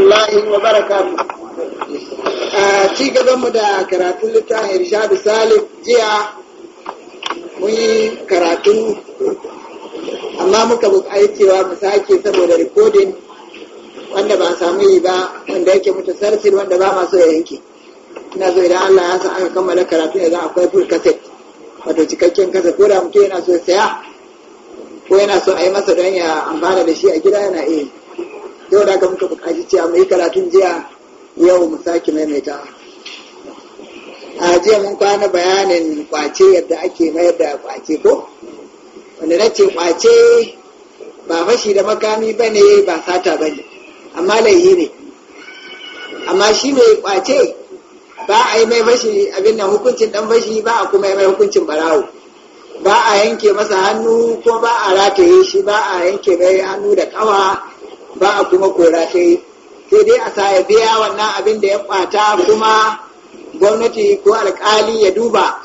الله وبركاته ci gabanmu da karatun littafin Rishadu Salif jiya mun yi karatu amma muka cewa mu sake saboda rikodin wanda ba samu yi ba wanda yake mutu sarfin wanda ba masu ya yanke ina zo idan Allah ya sa aka kammala karatu yanzu akwai full cassette wato cikakken kasa ko da mutum yana so ya saya ko yana so a yi masa don ya amfana da shi a gida yana iya yau da aka muka bukaci cewa mu yi karatun jiya yau mu sake maimaita a jiya mun kwana bayanin kwace yadda ake mayar da kwace ko wanda na ce kwace ba fashi da makami ba ne ba sata ba ne amma laihi ne amma shi mai kwace ba a yi mai fashi abin nan hukuncin dan fashi ba a kuma yi mai hukuncin barawo ba a yanke masa hannu ko ba a rataye shi ba a yanke mai hannu da kawa ba a kuma kora sai sai dai a sa biya wannan abin da ya kwata kuma gwamnati ko alkali ya duba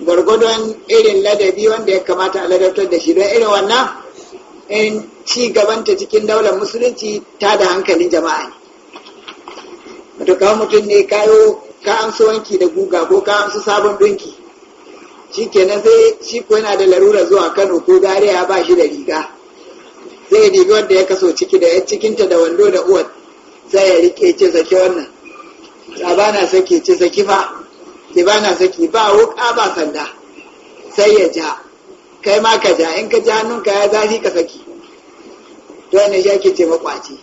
gwargwadon irin ladabi wanda ya kamata a ladabtar da shi don irin wannan in ci gabanta cikin daular musulunci ta da hankalin jama'a ne matuka mutum ne kayo ka amsu wanki da guga ko ka amsu sabon dunki shi kenan sai shi ko yana da larura zuwa kano ko gariya ba shi da riga Zai ya wanda ya kaso ciki da ya cikinta da wando da uwar sai ya rike ce zaki wannan ta ba na saki ce zaki fa ki ba na ba wuka ba sanda sai ya ja kai ma ka ja in ka ja hannunka ya zafi ka saki to wannan ya ke ce makwaci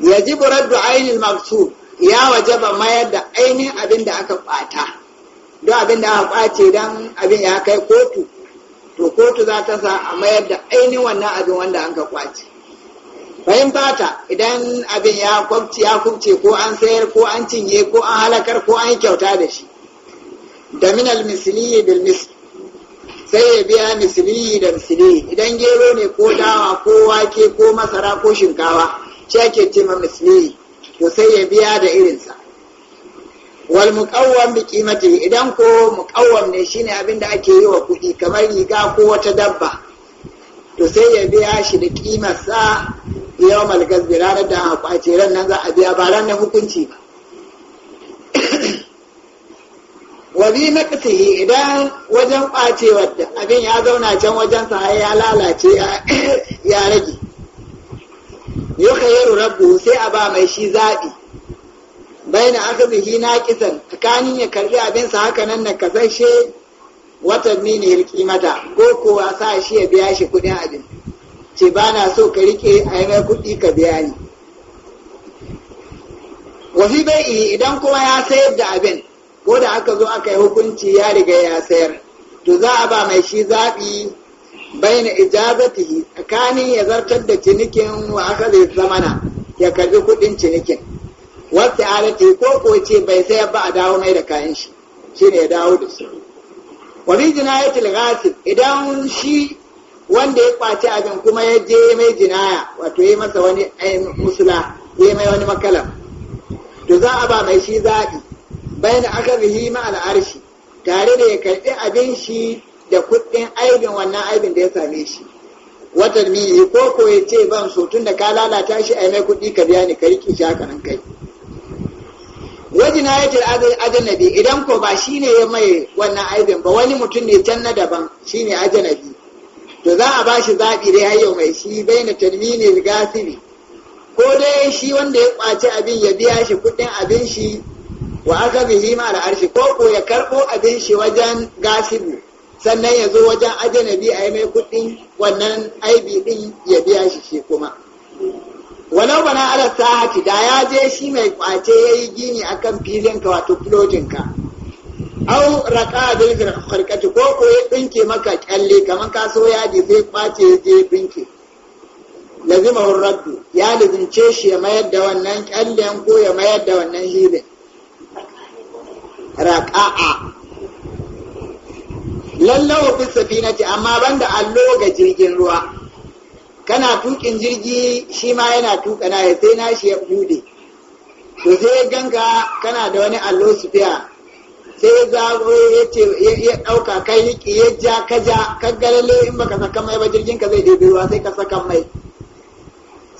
yajibu raddu ainihin maksu ya wajaba mayar da ainihin abin da aka kwata don abin da aka kwace don abin ya kai kotu to kotu za ta sa a mayar da ainihin wannan abin wanda an ka kwace bayan fata idan abin ya kwabci ya kubce ko an sayar ko an cinye ko an halakar ko an kyauta da shi da minal misliyi bil misli sai ya biya misliyi da misliyi idan gero ne ko dawa ko wake ko masara ko shinkawa shi ake ce ma misliyi to sai ya biya da irinsa wal muqawwam bi qimati idan ko muqawwam ne shine abin da ake yi wa kuɗi kamar riga ko wata dabba to sai ya biya shi da kimar sa yawmal gazbi ranar da aka kwace ran nan za a biya ba ran hukunci ba wa bi naqsihi idan wajen kwacewar da abin ya zauna can wajen sa har ya lalace ya rage yukhayyaru rabbu sai a ba mai shi zabi bai na kisan, tsakanin ya karbi abinsa haka nan na kasashe watan ne kimata mata ko kowa sa shi ya biya shi kudin abin ce ba na so ka rike a yi mai kudi ka biya ni wafi bai idan kuma ya sayar da abin ko da aka zo aka yi hukunci ya riga ya sayar to za a ba mai shi zaɓi bai na ijazatihi tsakanin ya zartar da cinikin wa aka zai zamana ya karbi kudin cinikin wata alati ko ko ce bai sai ba a dawo mai da kayan shi shine ya dawo da su wa ghasib idan shi wanda ya kwaci abin kuma ya je mai jinaya wato ya masa wani eh, musula ya mai wani makalam to za a ba mai shi zaɓi bayan aka rihi ma al'arshi tare da ya karɓi abin shi da kuɗin aibin wannan aibin da ya same shi Wata miyi ko ko ya ce ban so tun da ka lalata shi a mai kuɗi ka biya ni ka riƙe shi haka nan kai jinayatul ajanabi idan ko ba shi ne ya mai wannan aibin ba wani mutum ne can na daban shi ne ajanabi to za a ba shi zaɓi dai hayo mai shi bai na tarmini gasiri ko dai shi wanda ya ƙwace abin ya biya shi kuɗin abin shi wa aka bihi ma arshi ko ko ya karɓo abin shi wajen gasibu sannan ya zo wajen ajanabi a yi mai kuɗin wannan aibi ɗin ya biya shi shi kuma walau bana ala sahati da ya je shi mai kwace ya yi gini a akan filinka wato filotinka au raka bil harkati ko ko ya binke maka kyalle kamar ka so yaji zai kwace ya je dinke lazima rabbi ya lizince shi ya mayar da wannan kyallen ko ya mayar da wannan hilin raka'a lallawa fi safinati amma banda allo ga jirgin ruwa kana tukin jirgi shi ma yana tuka na ya sai nashi ya bude to sai ya ganka kana da wani allo sufiya sai ya zago ya ce ya dauka kai riki ya ja ka ja ka galale in baka saka mai ba jirgin ka zai dai ruwa sai ka saka mai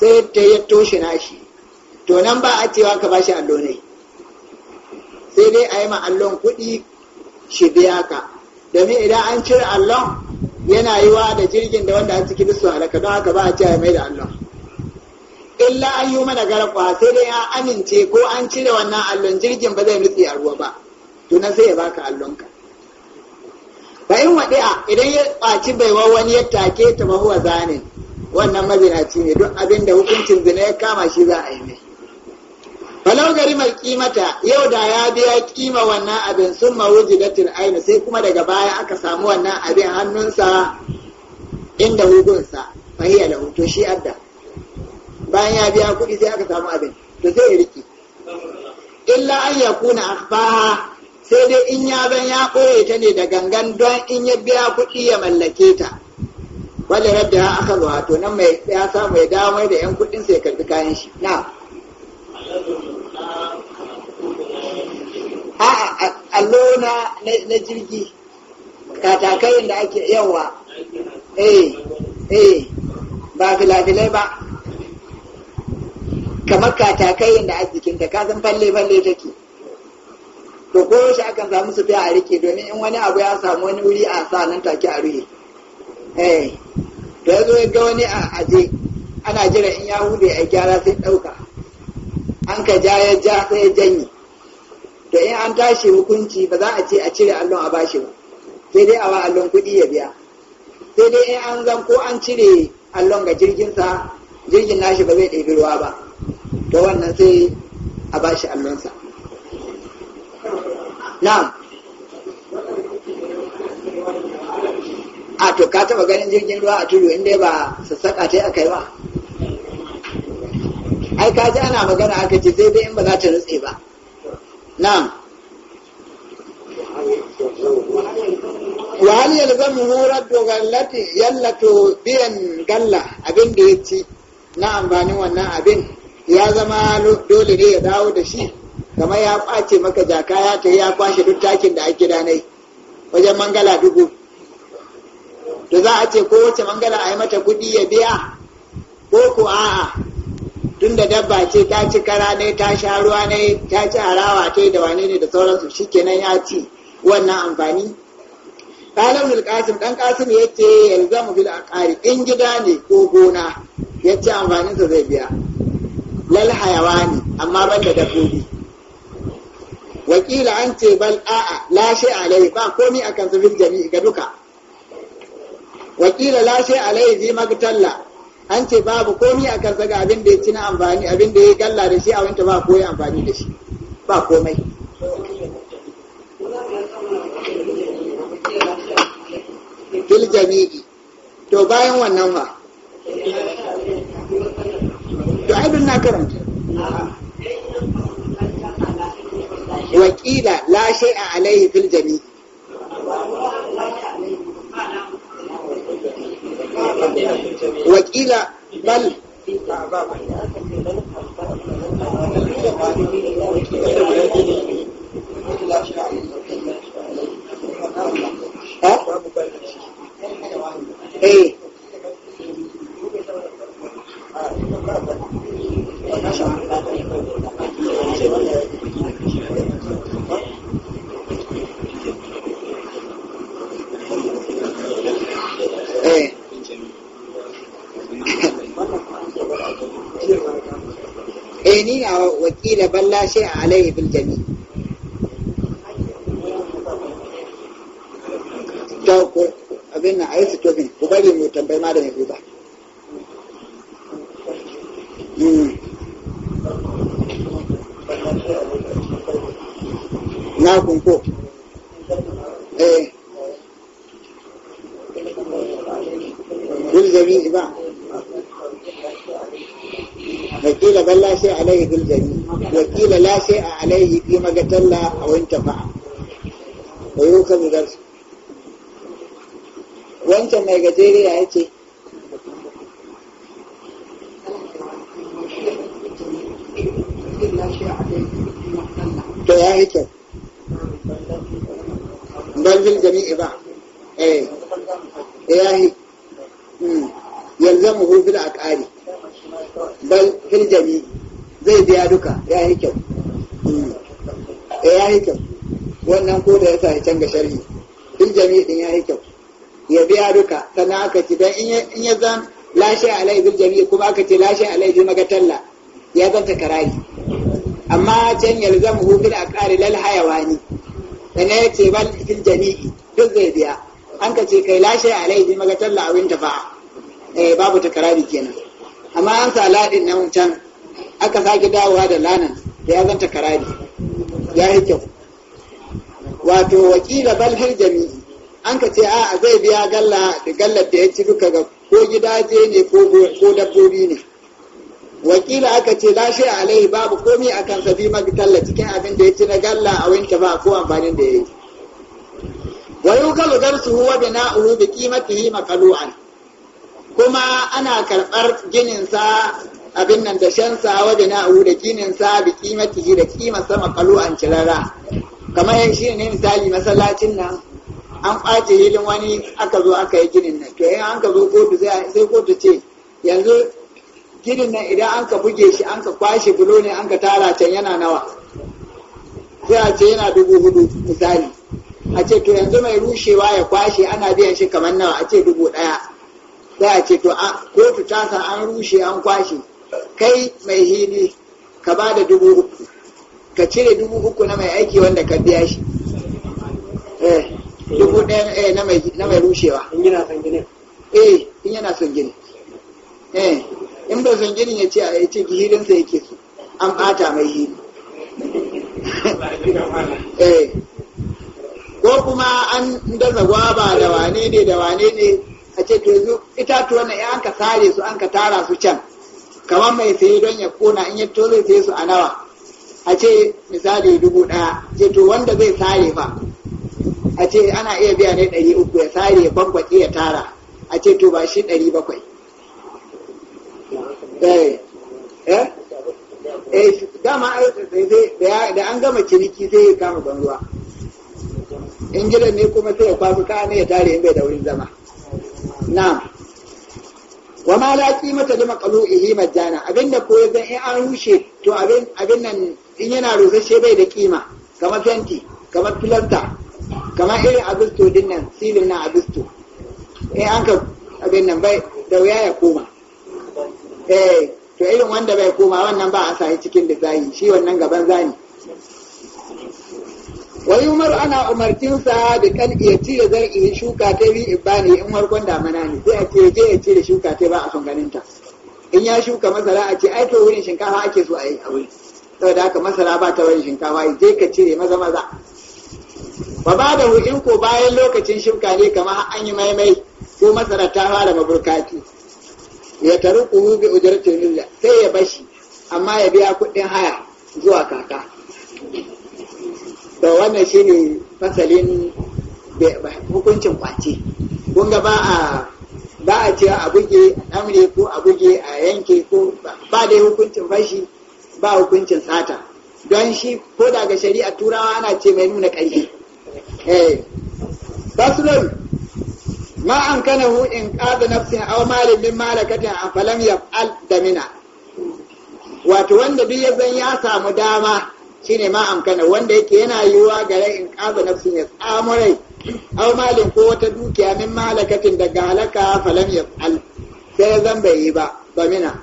sai ta ya toshe nashi to nan ba a cewa ka bashi allo ne sai dai a yi ma allon kuɗi shi biya ka domin idan an cire allon yana yi wa da jirgin da wanda a ciki duk su halaka don haka ba a cewa mai da allon illa an yi mana garakwa sai dai an amince ko an cire wannan allon jirgin ba zai nutse a ruwa ba to sai ya baka allonka bayan waɗi'a idan ya ɓaci baiwa wani ya take ta mahuwa zane. wannan mazinaci ne duk abin da hukuncin zina ya kama shi za a yi mai falau gari mai kimata yau da ya biya kima wannan abin sun mawuji da aini sai kuma daga baya aka samu wannan abin hannunsa inda hukunsa fahiyya da to shi adda bayan ya biya kuɗi sai aka samu abin to zai riki illa an ya kuna akhbaha sai dai in ya ban ya koye ta ne da gangan don in ya biya kuɗi ya mallake ta wanda radda aka zuwa to nan mai ya samu ya dawo mai da yan kuɗin sai ya karbi kayan shi na'am A'a, allo na jirgi katakai da ake yawa eh eh ba filafilai ba kamar katakai da ake jikinta ka san falle falle take to ko shi akan samu su fiya a rike domin in wani abu ya samu wani wuri a sa nan take a ruhe eh to yazo ya ga wani a aje ana jira in ya hude a gyara sai dauka an ka ja ya ja sai ya janye da in an tashi hukunci ba za a ce a cire allon a bashi ba sai dai a wa allon kuɗi ya biya sai dai in an zan ko an cire allon ga jirginsa jirgin nashi ba zai ɗebi ruwa ba to wannan sai a bashi allonsa na'am a to ka taɓa ganin jirgin ruwa a tudu inda ba sassaƙa ta aka yi ba ai ka ji ana magana aka ce sai dai in ba za ta nutse ba نعم وهل يلزمه رد غلتي يلته biyan galla abin da ya ci na amfanin wannan abin ya zama dole ne ya dawo da shi kamar ya kwace maka jaka ya ta ya kwashe duk takin da ake danai wajen mangala dubu da za a ce ko wace mangala a yi mata kuɗi ya biya ko ko a'a tun da dabba ce ta ci kara ne ta sha ruwa ne ta ci harawa ta da wane ne da sauransu shi kenan ya ci wannan amfani kalam bil ya dan yanzu yace mu bil aqari in gida ne ko gona Ya ci amfanin sa zai biya lal hayawani amma ban da dabbobi wakila an ce bal a'a la shay alai ba komi akan sa bil jami'i ga duka wakila la shay alai fi magtalla an ce babu komi a kansa ga abin da ya ci na amfani abin da ya galla da shi a wanta ba koyi amfani da shi ba komai fil jami'i to bayan wannan ba to abin na karanta wakila la shay'a alaihi fil jami'i وإلى بل qila balla a alayhi bil jami' بالجريء وكيل لا شيء عليه فيما قتل أو انتفع ويوكل درس وانت ما قتل يا أتي تواهيته بل بالجميع بعض ايه ياهي يلزمه في الأكعاد بل في الجميع zai biya duka ya yi kyau eh, ya yi kyau wannan ko da ya sa ya canza sharhi duk jami'i din ya yi kyau ya biya duka sannan aka ci dan in ya zan lashe alai bil jami'i kuma aka ce lashe alai bil magatalla ya zan ta karari amma can yalzamu hu bil aqari lal hayawani dan ya ce bal bil jami'i duk zai biya an ka ce kai lashe alai bil magatalla awin tafa'a eh babu ta karari kenan amma an sa ladin nan can aka sake dawowa da lanan da ya zanta karari ya yi kyau wato wakila balhir jami'i an ka ce a zai biya galla da gallar da ya ci duka ga ko gidaje ne ko dabbobi ne wakila aka ce lashe alaihi babu komi a kan sabi magitalla cikin abin da ya ci na galla a wanke ba ko amfanin da ya yi wa yukalu garsu huwa bina'uhu bi qimatihi makalu'an kuma ana karɓar ginin sa abin nan da shansa waje na abu da kinin sa bi kimati da kima sama kalu an cilara kamar yin shi ne misali masallacin nan an ɓace hilin wani aka zo aka yi ginin nan to in an ka zo kotu sai kotu ce yanzu ginin nan idan an ka buge shi an ka kwashe bulo ne an ka tara can yana nawa sai a ce yana dubu hudu misali a ce to yanzu mai rushewa ya kwashe ana biyan shi kamar nawa a ce dubu ɗaya sai a ce to kotu ta san an rushe an kwashe kai mai hili ka ba da dubu uku ka cire dubu uku na mai aiki wanda ka biya shi eh, dubu ɗaya eh, na mai rushewa in yana gini eh in yana son gini eh in ba son gini ya ce a ce gihirinsa yake su an ɓata mai hili eh ko kuma an daza gwaba da wane ne da wane ne a ce to yanzu itatuwan ya an ka sare su an ka tara su can kamar mai saye don ya kona in ya to zai saye su a nawa a ce misali dubu ɗaya ce to wanda zai sare fa a ce ana iya biya ne ɗari uku ya sare ya bambaɗe ya tara a ce to ba shi ɗari bakwai eh, eh, eh, dama da an gama ciniki sai ya kama ban ruwa in gidan ne kuma sai ya kwasu kane ya tare in bai da wurin zama na'am wa ma la qimata li maqlu'ihi majana abinda ko yanzu in an rushe to abin abin nan in yana rusashe bai da kima kamar fenti kamar filanta kamar irin abisto din nan silin na abisto in an ka abin nan bai da wuya ya koma eh to irin wanda bai koma wannan ba a sahi cikin da shi wannan gaban zani wai umar ana umartinsa da kan ya cire iya shuka ta bi bani in warkon damana ne sai a ce je ya cire shuka ta ba a son ganin ta in ya shuka masara a ce aiki wurin shinkafa ake so a yi a wuri saboda haka masara ba ta wurin shinkafa je ka cire maza maza ba ba da in ko bayan lokacin shuka ne kamar an yi maimai ko masara ta fara maburkati ya taru kuhu bi ujar milla sai ya bashi amma ya biya kuɗin haya zuwa kaka da wannan shi ne fasalin hukuncin kwace kun ga ba a ba a ce a buge a ɗamre ko a buge a yanke ko ba dai hukuncin fashi ba hukuncin sata don shi ko daga shari'a turawa ana ce mai nuna ƙarfi basulon eh. ma an kana hu in ƙada nafsin aw malin min malakatin a falam al damina wato wanda duk ya ya samu dama shine ma amkana wanda yake yana yiwuwa gare in ƙaza na ya tsamurai au malin ko wata dukiya min malakatin daga halaka falam ya tsal sai zan bai yi ba ba mina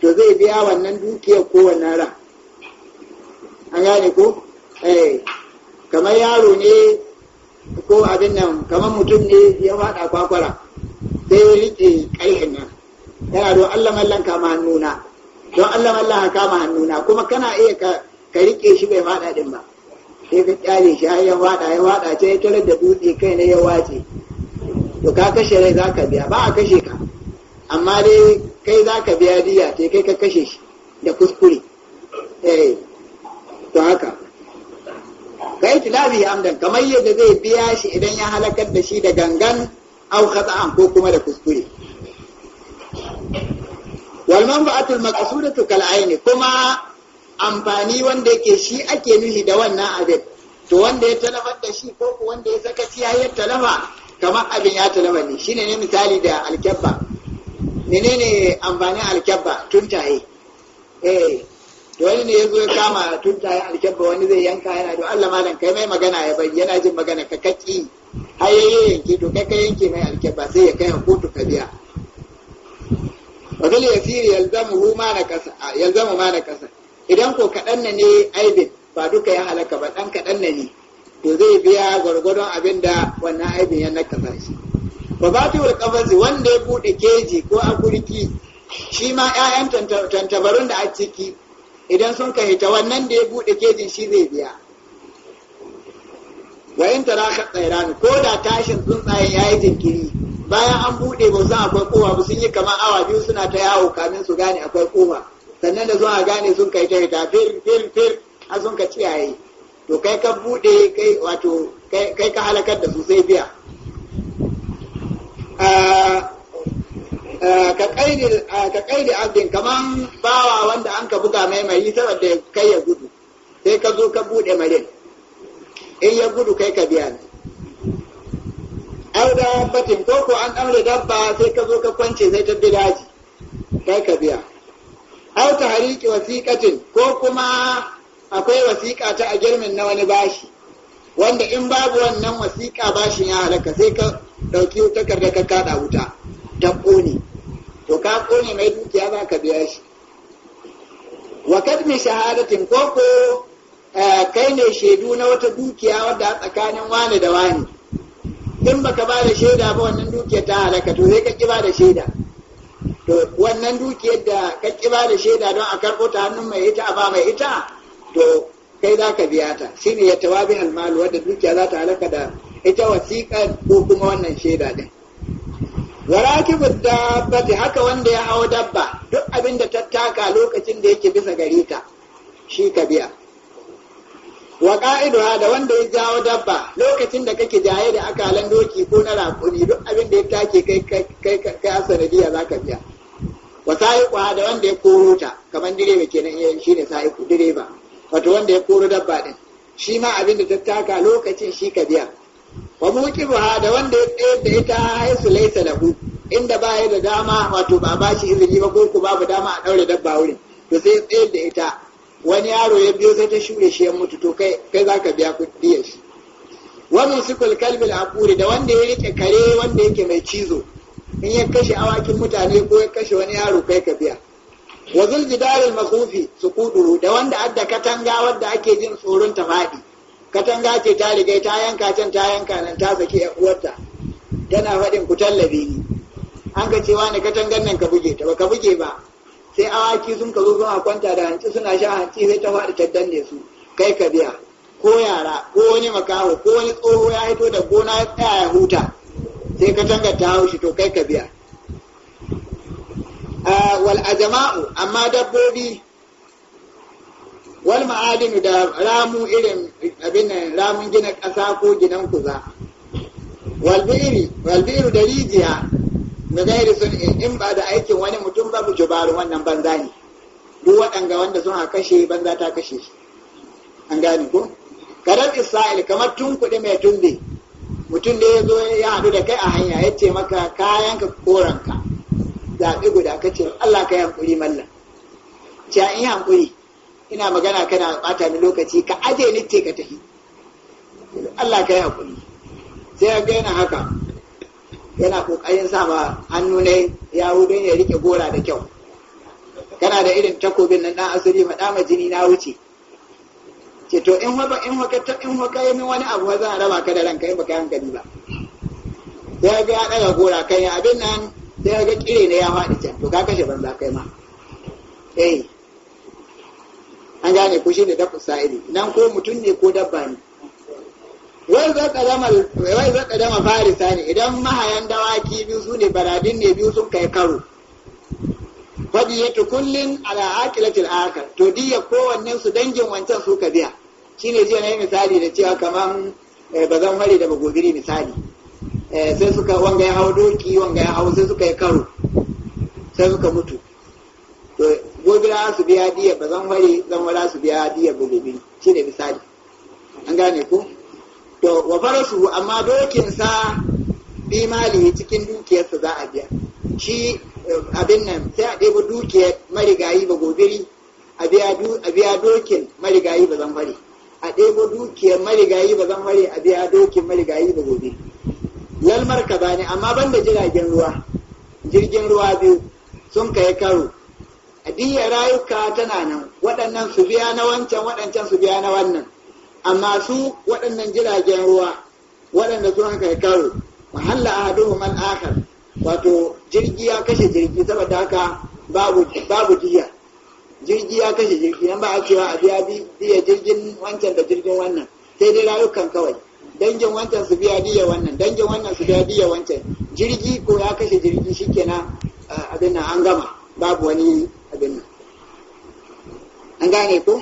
to zai biya wannan dukiyar ko wannan ran an gane ko eh kamar yaro ne ko abin nan kamar mutum ne ya faɗa kwakwara sai ya riƙe ƙarfin nan yana don Allah mallan kama hannuna don Allah mallan kama hannuna kuma kana iya ka ka riƙe shi bai faɗa ɗin ba sai ka kyale shi har ya faɗa ya faɗa ce ya tarar da dutse kai na ya wace to ka kashe rai za ka biya ba a kashe ka amma dai kai za ka biya diya sai kai ka kashe shi da kuskure eh to haka kai tilabi amdan kamar yadda zai biya shi idan ya halakar da shi da gangan au khata'an ko kuma da kuskure wal manfa'atul maqsudatu kal aini kuma amfani wanda yake shi ake nuhi da wannan abin to wanda ya talafa da shi ko wanda ya ciya ya talafa kamar abin ya talafa ne shine ne misali da alkyabba menene amfanin alkyabba tuntaye eh to wani ne ya zo ya kama tuntaye alkyabba wani zai yanka yana da Allah malam kai mai magana ya bari yana jin magana ka kaki har ya yanke to kai ka yanke mai alkyabba sai ya kai kotu ka biya wa zal yasiri yalzamu ma na kasa yalzamu ma na kasa idan ko kaɗan na ne aibin ba duka ya halaka ba ɗan kaɗan na ne to zai biya gwargwadon abin da wannan aibin ya ba shi ba ba wanda ya buɗe keji ko kurki shi ma 'ya'yan tantabarun da a ciki idan sun ka hita wannan da ya buɗe kejin shi zai biya wa in tara ka ko da tashin tsuntsayen ya yi jinkiri bayan an buɗe ba su akwai kowa ba sun yi kamar awa biyu suna ta yawo kamin su gane akwai kowa sannan da zuwa gane sun kai ta hita fir fir fir a sun ka ciyaye to kai ka bude kai wato kai ka halakar da su sai biya ah, ah, ka kaidi ah, abdin kaman bawa wanda an ka buga mai mai saboda kai ya gudu sai ka zo ka bude marin in ya gudu kai ka biya ne da batin ko ko an amre dabba sai ka zo ka kwance sai ta bi daji kai ka biya au ta hariki wasiƙatin ko kuma akwai wasiƙa ta a girmin na wani bashi wanda in babu wannan wasiƙa bashin ya halaka sai ka ɗauki takarda ka kaɗa wuta ta ƙone to ka ƙone mai dukiya za ka biya shi wa kadmi shahadatin ko ko eh, kai ne shaidu na wata dukiya wadda a tsakanin wani da wani in baka ba da shaida ba wannan dukiya ta halaka to sai ka ƙi ba da shaida to wannan dukiyar da ka ba da shaida don a karɓo ta hannun mai ita a ba mai ita to kai za ka biya ta shine ya tawabi almalu wadda dukiya za ta halaka da ita wasiƙa ko kuma wannan shaida din warakibud dabbati haka wanda ya hau dabba duk abin da tattaka lokacin da yake bisa gare ta shi ka biya wa ƙa'iduha da wanda ya jawo dabba lokacin da kake jaye da akalan doki ko na raƙumi duk abin da ya take kai kai kai asanadiya za ka biya wa sa'iqu da wanda ya koro ta kamar direba kenan yayin eh, shine sa'iqu direba wato wanda ya koro dabba din shi ma abin da tattaka lokacin shi ka biya wa muqibuha da wanda ya tsayar da ita haisu laysa lahu inda ba ya da dama wato ba ba shi izini ba ko ba dama a daure dabba wurin to sai tsayar da ita wani yaro ya biyo sai ta shure shi ya mutu to kai kai zaka biya kuɗi shi wa min sukul kalbil aquri da wanda ya rike kare wanda yake mai cizo in ya kashe awakin mutane ko ya kashe wani yaro kai ka biya wa zuljidaril makufi su kuduru da wanda adda katanga wadda ake jin tsoron ta faɗi katanga ce ta riga ta yanka can ta yanka nan ta saki ya uwarta tana faɗin ku tallabe ni an ga cewa ne katangan nan ka buge ta ba ka buge ba sai awaki sun ka zo suna kwanta da hanci suna sha hanci sai ta faɗi ta danne su kai ka biya ko yara ko wani makaho ko wani tsoho ya hito da gona ya tsaya ya huta sai ka canza ta haushi to kai ka biya wal ajama'u amma dabbobi wal ma'adinu da ramu irin abin nan ramun gina ƙasa ko ginan kuza wal bi'ri wal bi'ru da rijiya na gairi sun in ba da aikin wani mutum ba mu jubaru wannan banza ne duk waɗanga wanda sun kashe banza ta kashe shi an gane ko karar isra'il kamar tun kuɗi mai tunde mutum da ya zo ya haɗu da kai a hanya ya ce maka kayan ka kayanka ka. zaɓi guda ka ce Allah ka yi hankuri mallam ce in hankuri ina magana kana ɓata ni lokaci ka aje ni ce ka tafi Allah ka yi hankuri sai ga yana haka yana ƙoƙarin sa ma hannu ne ya don ya riƙe gora da kyau kana da irin takobin nan ɗan asali ma jini na wuce ce to in haka in haka ta in haka yi min wani abu za a raba ka da ranka in baka hankali ba ya ga ya daga gora kai abin nan sai ga kire ne ya faɗi can to ka kashe banza kai ma eh an gane ku shi ne da sa'ili nan ko mutum ne ko dabba ne wai za ka dama farisa ne idan mahayan dawaki biyu su ne baradin ne biyu sun kai karo fadiyatu kullin ala aqilatil akal to diya kowannen su dangin wancan su ka biya shi ne jiya yi misali da cewa kamar eh, ba zan ware da bagogiri misali eh, sai suka wanga ya hau doki wanga ya hau sai suka yi karo sai suka mutu to gobira su biya diya ba zan ware zan wara su biya diya bagogiri shi ne misali an gane ko to wa farasu amma dokin sa, bi mali cikin dukiyar sa za a biya shi eh, abin nan sai a ɗebo dukiyar marigayi ba gobiri a biya dokin marigayi ba zan zamfari a ɗebo dukiyar marigayi ba zan mare a biya dokin marigayi ba gobe lalmar ka bani amma ban da jiragen ruwa jirgin ruwa biyu sun kai karo A adiyar rayuka tana nan waɗannan su biya na wancan waɗancan su biya na wannan amma su waɗannan jiragen ruwa waɗanda sun kai karo mahalla ahaduhum man akar wato jirgi ya kashe jirgi saboda haka babu babu diya jirgi ya kashe jirgi yan ba a cewa a biya biya jirgin wancan da jirgin wannan sai dai rayukan kawai dangin wancan su biya diya wannan dangin wannan su biya diya wancan jirgi ko ya kashe jirgi shikenan abin nan an gama babu wani abin nan an gane ko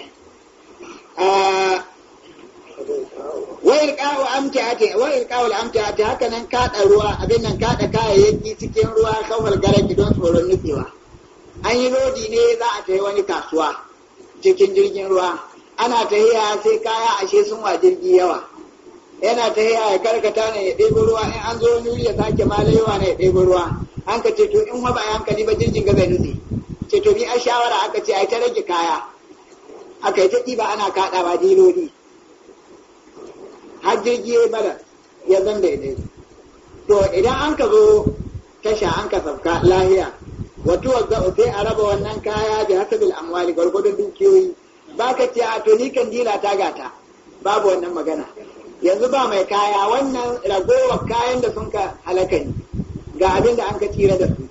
wayar kawo amce ake wayar kawo haka nan kada ruwa abin nan kada kayayyaki cikin ruwa kawal garaki don tsoron nufewa an yi lodi ne za a yi wani kasuwa cikin jirgin ruwa ana ta tahiya sai kaya ashe sun wa jirgi yawa yana ta yi ya karkata ne ya ɗebo ruwa in an zo wani ya sake malayewa ne ya ɗebo ruwa an ka ce to in wa ba hankali ba jirgin ga zai nutse ce to bi a shawara aka ce a ta rage kaya aka yi ta ɗiba ana kaɗa ba diloli har jirgi ya bada ya zan daidai to idan an ka zo tasha an ka sauka lahiya wato ga sai a raba wannan kaya bi hasabil amwali gwargwadon dukiyoyi ba ka ce a to kan dila ta gata babu wannan magana yanzu ba mai kaya wannan ragowar kayan da sun ka halaka ne ga abin da an ka tsira da su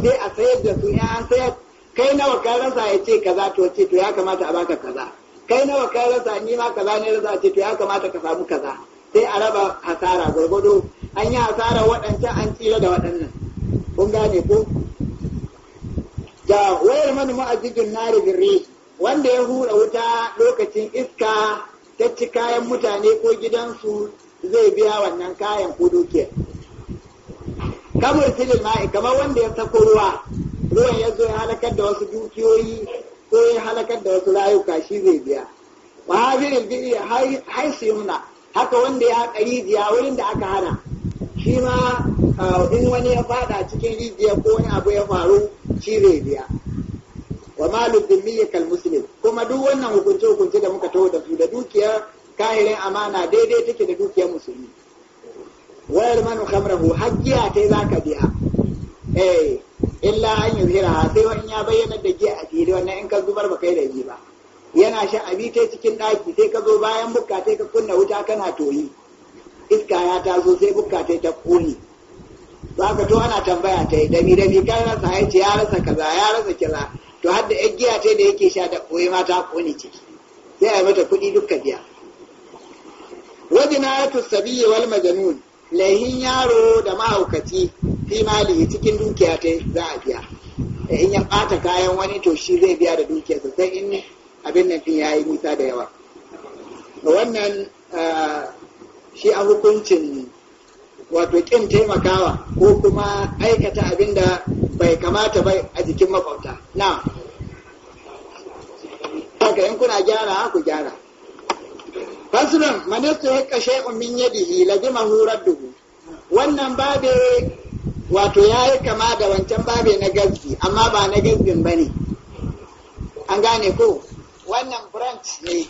to sai a sayar da su in an sayar kai nawa ka rasa ya ce kaza to ce to ya kamata a baka kaza kai nawa ka rasa ni ma kaza ne rasa ce to ya kamata ka samu kaza sai a raba hasara gwargwado an yi hasara waɗancan an tsira da waɗannan kun gane ko da wayar mani ma'azijin nari birri wanda ya hura wuta lokacin iska ta ci kayan mutane ko gidansu zai biya wannan kayan ko dukiyar kamar tilin ma'i kamar wanda ya sako ruwa ruwan ya zo ya halakar da wasu dukiyoyi ko ya halakar da wasu rayuka shi zai biya wa hazirin bi'i haisu yumna haka wanda ya rijiya wurin da aka hana shi ma uh, in wani ya fada cikin rijiya ko wani abu ya faru shi ne biya wa malu dhimmi kal muslim kuma duk wannan hukunce hukunce da muka tawo da su da dukiya kahirin amana daidai take da dukiyar musulmi wayar manu khamrahu hajjiya tai zaka biya eh illa an yuzhira sai wani ya bayyana da giya a fili wannan in ka zubar ba kai da yi ba yana shan abi ta cikin ɗaki sai ka zo bayan bukka sai ka kunna wuta kana toyi iska ya tazo sai bukka ta kone za ka to ana tambaya ta yi dami dami ka rasa ya ya rasa kaza ya rasa kira. to har da yan giya ce da yake sha da ma ta kone ciki Zai a yi mata kuɗi dukka biya wajina ya tusabi wal majanun laihin yaro da mahaukaci fi mali cikin dukiya ta za a biya in ya ɓata kayan wani to shi zai biya da dukiyarsa sai in abin nan ɗin ya yi nisa da yawa wannan ah, shi a hukuncin wato ƙin taimakawa ko kuma aikata abin da bai kamata bai a jikin makwabta na haka in kuna gyara ku gyara fasirin manista ya kashe umin yadihi lazima hurar dubu. wannan babe wato ya yi kama da wancan babe na gazi amma ba na gazin ba ne an gane ko wannan branch ne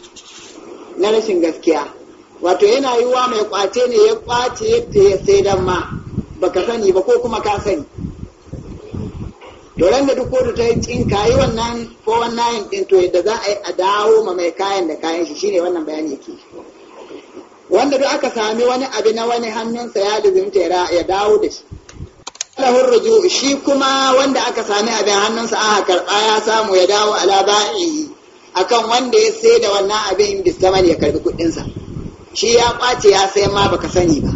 na rashin gaskiya wato yana yiwuwa mai kwace ne ya kwace sai dan ma baka sani ba ko kuma ka sani to ran da duk kotu ta yi tsinka yi wannan ko wannan din to yadda za a yi a dawo ma mai kayan da kayan shi shine wannan bayani yake wanda duk aka sami wani abu na wani hannunsa ya lizinta ya dawo da shi lahun ruju shi kuma wanda aka sami abin hannunsa aka karba ya samu ya dawo ala ba'i akan wanda ya sai da wannan abin bisaman ya karbi kuɗinsa. shi ya kwace ya sai ma baka sani ba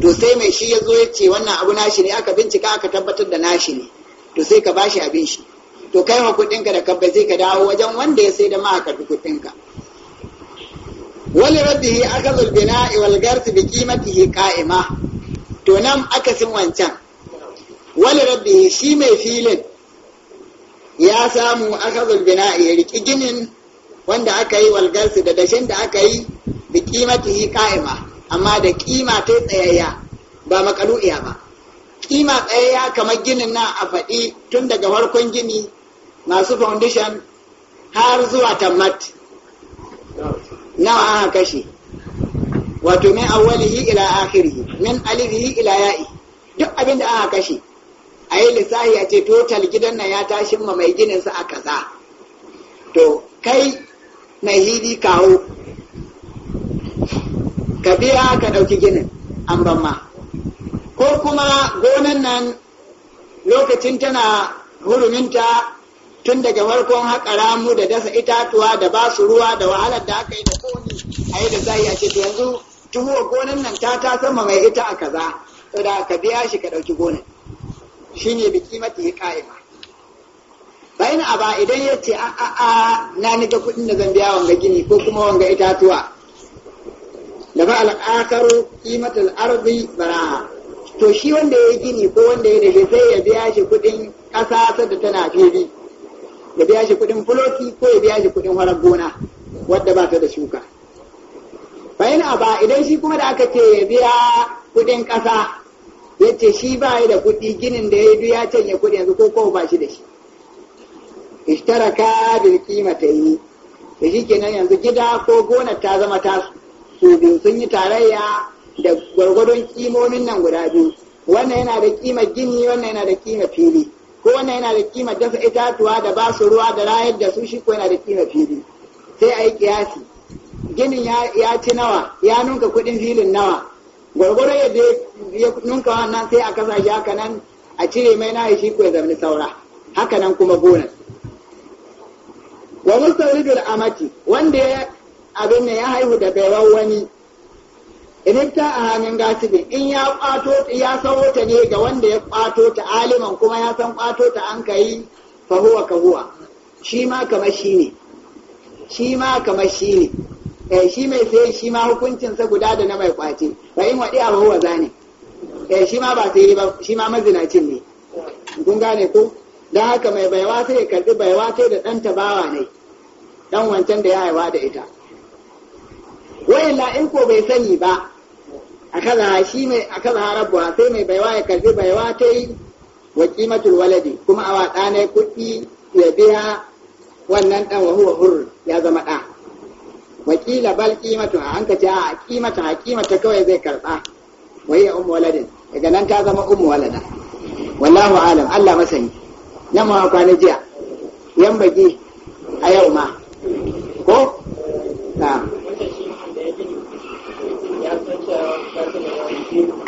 to sai mai shi ya zo ya ce wannan abu nashi ne aka bincika aka tabbatar da nashi ne to sai ka bashi abin shi to kai ma kuɗinka da kabba sai ka dawo wajen wanda ya sai da ma ka kuɗinka wani raddihi aka zulbina iwal garsi bi kimatihi ka'ima to nan akasin wancan wani rabbi shi mai filin ya samu aka zulbina ya riki ginin wanda aka yi walgarsu da dashen da aka yi bi qimatihi qa'ima amma da kima ta tsayayya ba makalu'iya ba kima tsayayya kamar ginin na a faɗi tun daga farkon gini masu foundation har zuwa tammat nawa aka kashe wato min awwalihi ila akhirihi min alifihi ila ya'i duk abin da aka kashe a lissahi a ce total gidan nan ya tashi ma mai ginin sa a kaza to kai mai hidi kawo ka biya ka ɗauki ginin an ban ma ko kuma gonan nan lokacin tana huruminta tun daga farkon haƙa ramu da dasa itatuwa da ba su ruwa da wahalar da aka yi da kone a yi da zai yace ce yanzu tuhuwa gonan nan ta ta sama mai ita a kaza to da ka biya shi ka ɗauki gonan shi ne biki mata mati ba. bayan a ba idan ya ce a a na ni ga kuɗin da zan biya wanga gini ko kuma wanga itatuwa da ba al'akar kimatul arzi bara'a to shi wanda ya gini ko wanda ya dashe sai ya biya shi kudin ƙasa da tana fili ya biya shi kudin fuloti ko ya biya shi kudin harar gona wadda ba ta da shuka bayan a ba idan shi kuma da aka ce ya biya kudin kasa ya ce shi ba ya da kudi ginin da ya biya can ya kudi yanzu ko ko ba shi da shi ishtaraka bil kimatai da shi kenan yanzu gida ko gona ta zama tasu su biyu sun yi tarayya da gwargwadon kimomin nan guda biyu wannan yana da kima gini wannan yana da kima fili ko wannan yana da kima dasa itatuwa da ba su ruwa da rayar da su shi ko yana da kima fili sai a yi kiyasi ginin ya ci nawa ya nunka kuɗin filin nawa gwargwaro je ya nunka wannan sai a kasa shi haka nan a cire mai na shi ko ya zamani saura haka nan kuma gonar. wa mustawridul amati wanda ya abin ne ya haihu da bayan wani idan ta a hannun gasibin in ya kwato ya sawo ta ne ga wanda ya kwato ta aliman kuma ya san kwato ta an kai fahuwa kahuwa shi ma kamar shi ne shi ma kamar shi ne eh shi mai sai shi ma hukuncinsa guda da na mai kwace Ba in waɗi a fahuwa zane eh shi ma ba sai ba shi ma mazinacin ne kun gane ko don haka mai baiwa sai ya karbi baiwa sai da ɗan tabawa ne dan wancan da ya haifa da ita wai la in ko bai sani ba a kaza shi mai a kaza sai mai baiwa ya karbi baiwa ta yi wa kimatul waladi kuma a waɗa ne kuɗi ya biya wannan ɗan wa huwa hur ya zama da wakila bal kimatu a hanka ce a kimata a kimata kawai zai karɓa wai ya umu waladin daga nan ta zama umu walada wallahu alam Allah masani nan ma kwana jiya yan baje. a yau ma ko na'am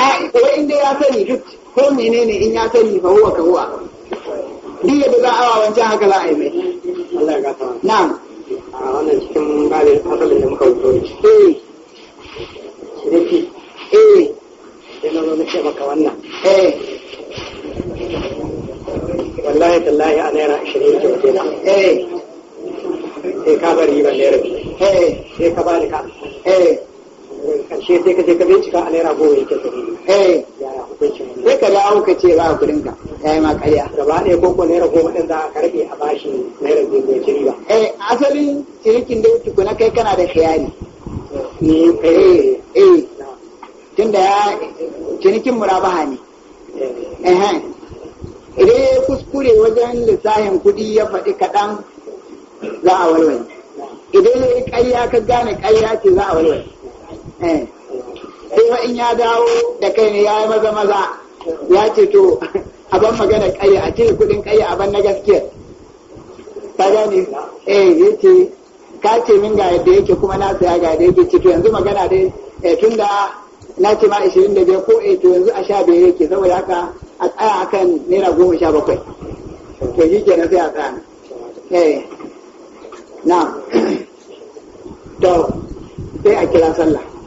a eh, in dai ya sani duk ko menene in ya sani fa huwa ka huwa duk yadda za a wancan haka za a yi mai Allah ya gata na'am a wannan cikin babin asalin da muka wuto ne eh shirki eh sai na zo na ce maka wannan eh wallahi tallahi a naira ashirin ke wace na eh sai ka bari ban naira eh sai ka bari ka eh karshe sai ka je ka bincika a naira goma yake gari eh sai ka da auka ce ba kudin ka kai ma karya gaba ɗaya ko ko naira goma din za a karbe a bashi naira goma ya ba. eh asalin cirikin da tukuna kai kana da khiyari ne eh eh tunda ya cinikin murabaha ne eh idan ya kuskure wajen lissahin kuɗi ya faɗi kaɗan za a walwale idan ya yi ƙarya ka gane ƙarya ce za a walwale Eh. kuma in ya dawo da kai ne ya yi maza maza ya ce to a ban magana kai a cire kudin kai a ban na gaskiya ta gani eh ce ka ce min ga yadda yake kuma na saya ga yadda yake to yanzu magana dai eh da na ce ma 25 ko eh to yanzu a sha biyar yake saboda haka a tsaya akan naira goma sha bakwai to shi na sai a tsaya eh na to sai a kira sallah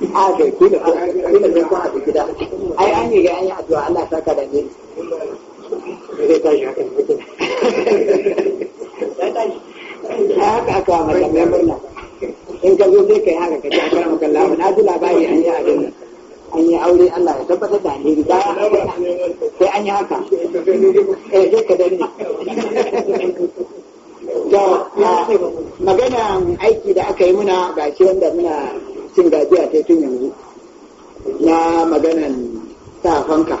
a ga kila kila ne ko a gida ai an yi ga an yi addu'a Allah ta ka da ni zai haka aka wa mata mai murna in ka zo sai kai haka ka ji a kan, lamu na ji labari an yi abin an yi aure Allah ya tabbatar da alheri da sai an yi haka eh sai ka dani magana aiki da aka yi muna ba shi wanda muna cin gajiya ta tun yanzu na maganan sa fanka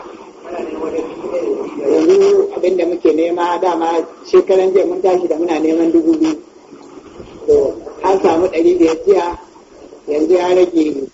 yanzu abinda muke nema dama shekaran jiya mun tashi da muna neman dubu biyu an samu ɗari da jiya yanzu ya rage